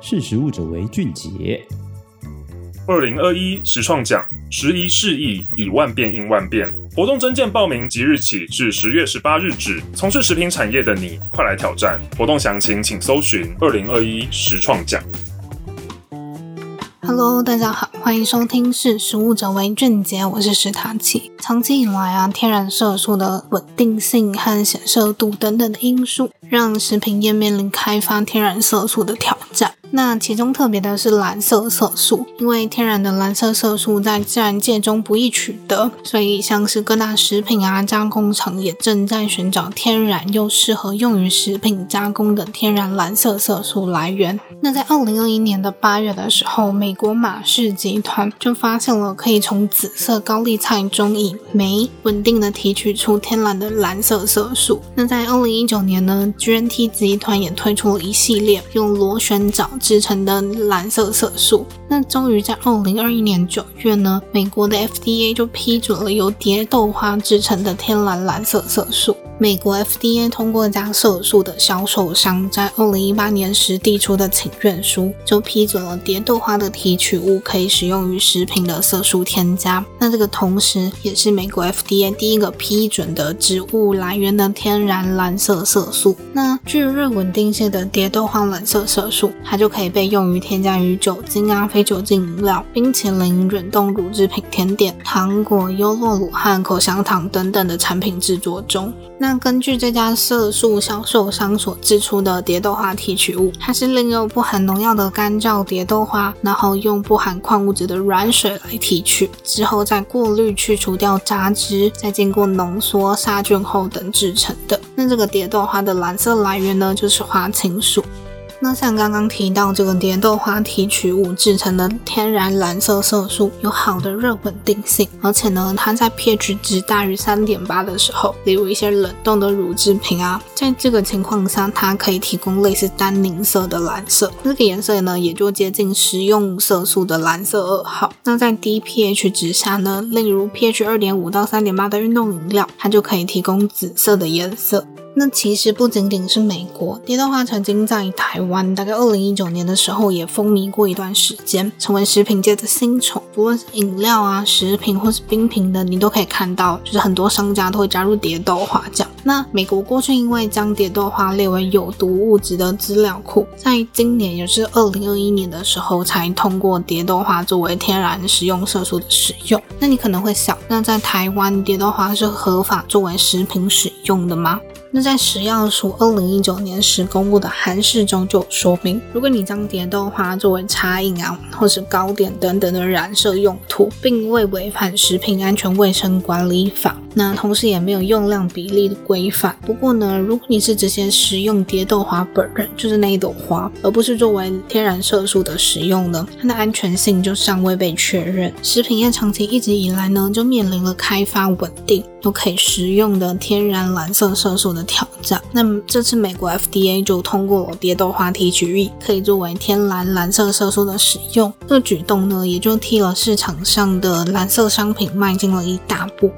識食物者為俊傑。二零二一食創獎時移世易，以萬變應萬變，活動徵件報名即日起至十月十八日止。從事食品產業的你，快來挑戰！活動詳情請搜尋“二零二一食創獎”。Hello，大家好，歡迎收聽《識食物者為俊傑》，我是食塔奇。長期以來啊，天然色素的穩定性和顯色度等等的因素，讓食品業面臨開發天然色素的挑戰。那其中特別的是藍色色素，因為天然的藍色色素在自然界中不易取得，所以像是各大食品啊加工廠也正在尋找天然又適合用於食品加工的天然藍色色素來源。那在二零二一年的八月的時候，美國馬氏集團就發現了可以從紫色高麗菜中以酶穩定的提取出天然的藍色色素。那在二零一九年呢，GNT 集團也推出了一系列用螺旋藻。製成的藍色色素，那終於在二零二一年九月呢，美國的 FDA 就批准了由蝶豆花製成的天然藍色色素。美國 FDA 通過一家色素的銷售商在二零一八年時遞出的請願書，就批准了蝶豆花的提取物可以使用於食品的色素添加。那這個同時也是美國 FDA 第一個批准的植物來源的天然藍色色素。那具有熱穩定性的蝶豆花藍色色素，它就可以被用於添加於酒精啊、非酒精飲料、冰淇淋、冷凍乳製品、甜點、糖果、優酪乳和口香糖等等的產品製作中。那那根據這家色素銷售商所製出的蝶豆花提取物，它是利用不含農藥的乾燥蝶豆花，然後用不含礦物質的軟水來提取，之後再過濾去除掉雜質，再經過濃縮、殺菌後等製成的。那這個蝶豆花的藍色來源呢，就是花青素。那像剛剛提到這個蝶豆花提取物製成的天然藍色色素，有好的熱穩定性，而且呢，它在 pH 值大於三點八的時候，例如一些冷凍的乳製品啊，在這個情況下，它可以提供類似丹寧色的藍色，這個顏色呢也就接近食用色素的藍色二號。那在低 pH 值下呢，例如 pH 二點五到三點八的運動飲料，它就可以提供紫色的顏色。那其實不僅僅是美國，蝶豆花曾經在台灣，大概二零一九年的時候也風靡過一段時間，成為食品界的新寵。不論是飲料啊、食品或是冰品的，你都可以看到，就是很多商家都會加入蝶豆花醬。那美國過去因為將蝶豆花列為有毒物質的資料庫，在今年也是二零二一年的時候才通過蝶豆花作為天然食用色素的使用。那你可能會想，那在台灣蝶豆花是合法作為食品使用的嗎？那在食藥署二零一九年時公布的函釋中就有說明，如果你將蝶豆花作為茶飲啊或是糕點等等的染色用途，並未違反食品安全衛生管理法。那同時也沒有用量比例的規範。不過呢，如果你是直接食用蝶豆花本人，就是那一朵花，而不是作為天然色素的食用呢，它的安全性就尚未被確認。食品業長期一直以來呢，就面臨了開發穩定。都可以食用的天然藍色色素的挑戰。那麼，這次美國 FDA 就通過了蝶豆花提取物可以作為天然藍、藍色色素的使用，這舉動呢，也就替了市場上的藍色商品邁進了一大步。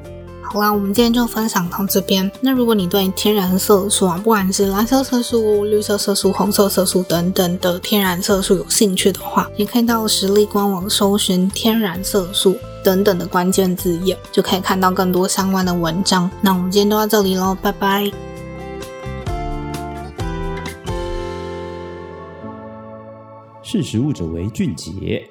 好啦，我們今天就分享到這邊。那如果你對天然色素啊，不管是藍色色素、綠色色素、紅色色素等等的天然色素有興趣的話，也可以到食力官網搜尋“天然色素”等等的關鍵字眼，就可以看到更多相關的文章。那我們今天就到這裡嘍，拜拜。識食物者為俊傑。